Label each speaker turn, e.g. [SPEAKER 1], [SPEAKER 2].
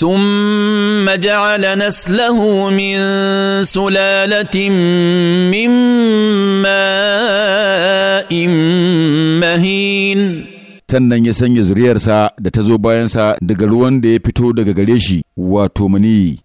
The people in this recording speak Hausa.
[SPEAKER 1] ثم جعل نسله من سلالة
[SPEAKER 2] من ماء مهين sannan ya sanya zuriyarsa da ta zo bayansa daga ruwan da ya fito daga
[SPEAKER 3] gare shi wato maniyi